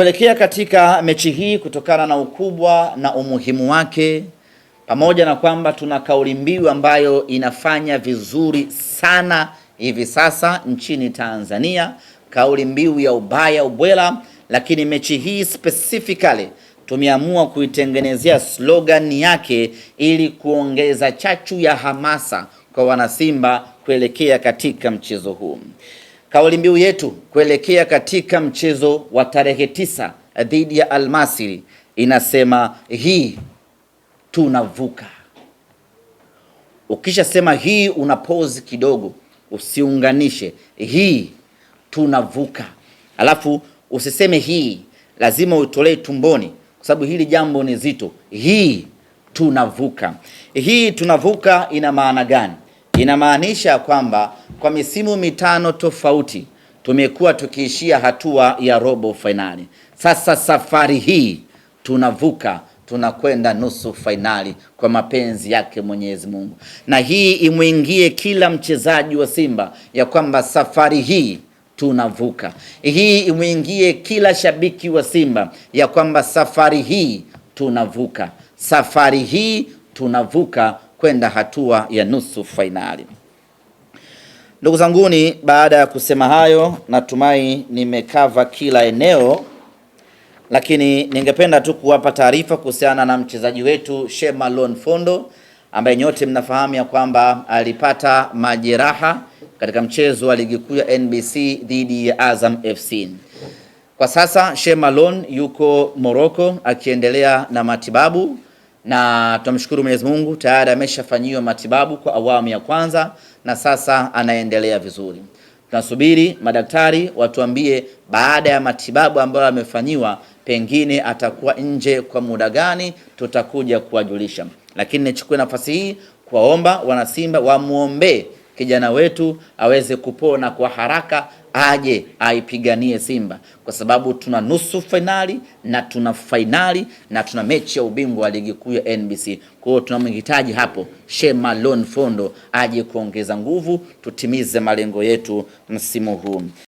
kuelekea katika mechi hii kutokana na ukubwa na umuhimu wake, pamoja na kwamba tuna kauli mbiu ambayo inafanya vizuri sana hivi sasa nchini Tanzania, kauli mbiu ya ubaya ubwela, lakini mechi hii specifically tumeamua kuitengenezea slogan yake ili kuongeza chachu ya hamasa kwa wanasimba kuelekea katika mchezo huu. Kauli mbiu yetu kuelekea katika mchezo wa tarehe tisa eh, dhidi ya Almasiri inasema hii tunavuka. Ukishasema hii una pause kidogo, usiunganishe hii tunavuka, alafu usiseme hii, lazima utolee tumboni, kwa sababu hili jambo ni zito. Hii tunavuka, hii tunavuka ina maana gani? Inamaanisha kwamba kwa misimu mitano tofauti tumekuwa tukiishia hatua ya robo fainali. Sasa safari hii tunavuka tunakwenda nusu fainali kwa mapenzi yake Mwenyezi Mungu, na hii imwingie kila mchezaji wa Simba ya kwamba safari hii tunavuka. Hii imwingie kila shabiki wa Simba ya kwamba safari hii tunavuka, safari hii tunavuka kwenda hatua ya nusu fainali. Ndugu zanguni, baada ya kusema hayo, natumai nimekava kila eneo, lakini ningependa tu kuwapa taarifa kuhusiana na mchezaji wetu Shema Lon Fondo ambaye nyote mnafahamu ya kwamba alipata majeraha katika mchezo wa ligi kuu ya NBC dhidi ya Azam FC. Kwa sasa Shema Lon yuko Morocco akiendelea na matibabu na tunamshukuru Mwenyezi Mungu tayari ameshafanyiwa matibabu kwa awamu ya kwanza na sasa anaendelea vizuri. Tunasubiri madaktari watuambie baada ya matibabu ambayo amefanyiwa, pengine atakuwa nje kwa muda gani, tutakuja kuwajulisha. Lakini nichukue nafasi hii kuwaomba wanasimba wamwombee kijana wetu aweze kupona kwa haraka, aje aipiganie Simba, kwa sababu tuna nusu fainali na tuna fainali na tuna mechi ya ubingwa wa ligi kuu ya NBC. Kwa hiyo tunamhitaji hapo Shema Lon Fondo aje kuongeza nguvu, tutimize malengo yetu msimu huu.